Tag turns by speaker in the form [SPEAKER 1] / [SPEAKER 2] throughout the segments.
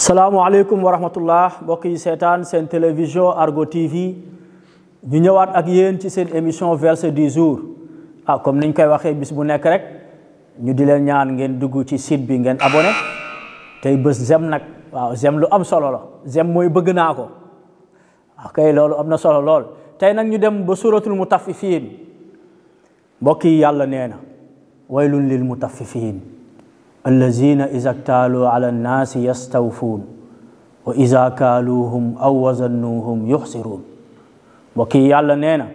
[SPEAKER 1] salaamaaleykum wa rahmatullah mbokk yi seetaan seen télévision Argo TV ñu ñëwaat ak yéen ci seen émission verse di jour ah comme niñ koy waxee bis bu nekk rek ñu di leen ñaan ngeen dugg ci site bi ngeen abonné tey bés zem nag waaw zem lu am solo la zem mooy bëgg naa ko ok loolu am na solo lool tey nag ñu dem ba suratul mutaffifiin mbokk yi yàlla nee na waylun lil mutaffifiin allazina iza ktaaluu ala annaasi yastawfuun wa iza kaaluuhum aw wazanuuhum yuxsiruun mbokk yi yàlla nee na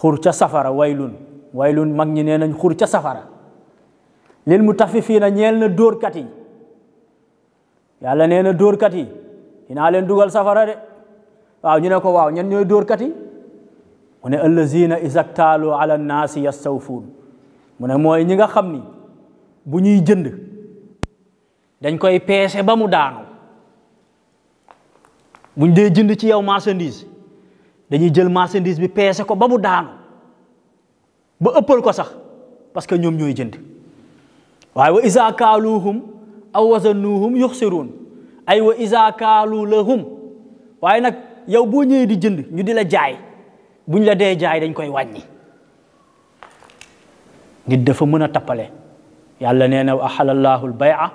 [SPEAKER 1] xur ca safara waylun waylun mag ñi nee nañ xur ca safara lil mutafifiina ñeel na dóorkat yi yàlla nee na dóorkat yi dinaa leen dugal safara de waaw ñu ne ko waaw ñen ñooy dóorkat yi mu ne allazina iza ktaaluu ala yastawfuun mu ne mooy ñi nga bu ñuy jënd dañ koy peese ba mu daanu buñ dee jënd ci yow marchandise dañuy jël marchandise bi peese ko ba mu daanu ba ëppal ko sax parce que ñoom ñooy jënd waaye wa isa kaaluuhum aw wazanuuhum ay wa isa kaalu waaye nag yow boo ñëwee di jënd ñu di la jaay buñ la dee jaay dañ koy wàññi nit dafa mën a tappale yàlla nee na wa axalallaahu lbaya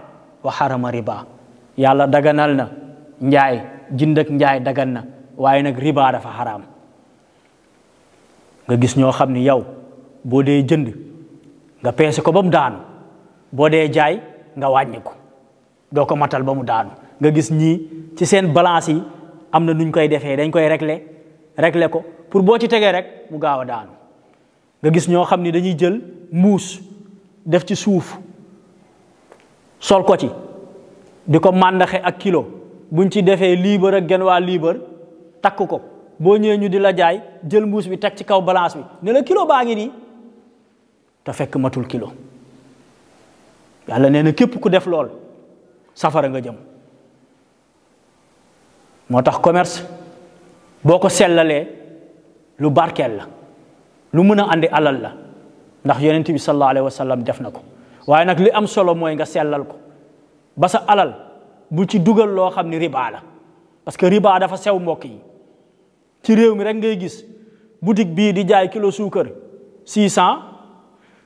[SPEAKER 1] wa xarama riba yàlla daganal na njaay jënd njaay dagan na waaye nag ribaa dafa xaraam nga gis ñoo xam ni yow boo dee jënd nga peese ko ba mu daanu boo dee jaay nga wàññi ko doo ko matal ba mu daanu nga gis ñii ci seen balance yi am na nuñ koy defee dañ koy régler régler ko pour boo ci tegee rek mu gaaw a daanu nga gis ñoo xam ni dañuy jël mbuus def ci suuf sol ko ci di ko màndaxe ak kilo buñ ci defee liibar ak genn waa liibar takk ko boo ñëwee ñu di la jaay jël mbuus bi teg ci kaw balance bi ne la kilo baa ngi nii te fekk matul kilo yàlla nee na képp ku def lool safara nga jëm moo tax commerce boo ko sellalee lu barkeel la lu mën a andi alal la ndax yonent bi sallallahu alayhi wa sallam def na ko waaye nag li am solo mooy nga sellal ko ba sa alal bu ci dugal loo xam ni riba la parce que riba dafa sew mbokk yi ci réew mi rek ngay gis boutique bii di jaay kilo suukar 600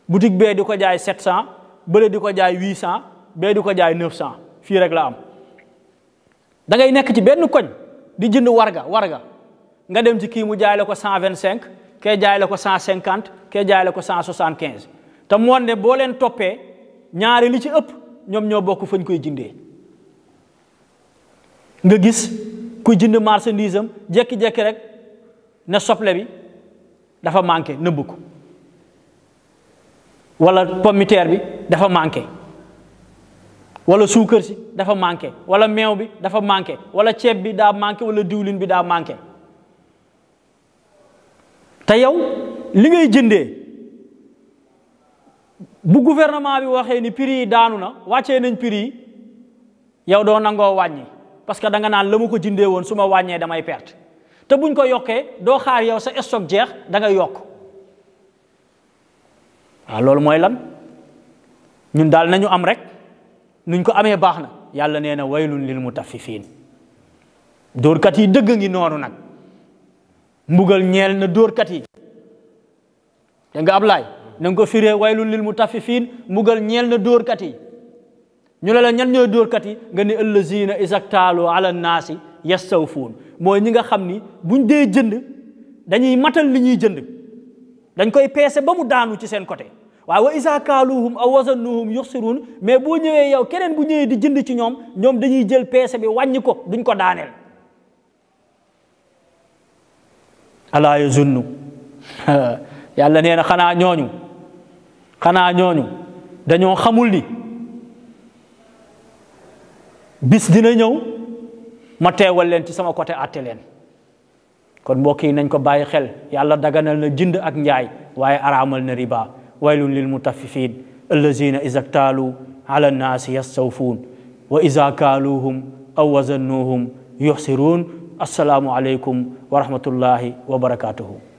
[SPEAKER 1] boutique bee di ko jaay 700 bële di ko jaay 800 bee di ko jaay 900 fii rek la am da ngay nekk ci benn koñ di jënd warga warga nga dem ci kii mu jaay la ko 125. kee jaay la ko cent cinquante kee jaay la ko cent soixante quinze te moon ne boo leen toppee ñaari li ci ëpp ñoom ñoo bokk fañ koy jëndee nga gis kuy jënd marchandise am jékki-jékki rek ne soble bi dafa manqué nëbb ko wala pommiteer bi dafa manqué wala suukar si dafa manqué wala meew bi dafa manqué wala ceeb bi daa manqué wala diwlin bi daa manqué te yow li ngay jëndee bu gouvernement bi waxee ni piri yi daanu na wàccee nañ piri yi yow doo nangoo wàññi parce que da nga naan la mu ko jëndee woon suma wàññee damay perte te buñ ko yokkee doo xaar yow sa stock jeex da nga yokk waaw loolu mooy lan ñun daal nañu am rek nuñ ko amee baax na yàlla nee na waylun lil mutaffifin dóorkat yi dëgg ngi noonu nag mbugal ñeel na dóorkat yi da nga ablaay na nga ko firee mu lil mutaffifiin mbugal ñeel na dóorkat yi ñu ne la ñan ñooy dóorkat yi nga ne ëllëziina isaktaalu ala naasi yastawfuun mooy ñi nga xam ni bu buñ dee jënd dañuy matal li ñuy jënd dañ koy peese ba mu daanu ci seen côté waaye wa isa kaaluhum aw wazanuhum yuxsiruun mais boo ñëwee yow keneen bu ñëwee di jënd ci ñoom ñoom dañuy jël peese bi wàññi ko duñ ko daaneel alaa yazunnu yàlla nee na xanaa ñooñu xanaa ñooñu dañoo xamul ni bis dina ñëw ma teewal leen ci sama côté àtte leen kon mbokk yi nañ ko bàyyi xel yàlla daganal na jënd ak njaay waaye araamal na riba waylun lil mutaffifin allazina iza ktaalu ala nnaasi yastawfuun wa iza kaaluuhum aw wazannuuhum yuxsiruun asalaamualeykum wa rahmatullahi wa barakaatuhu.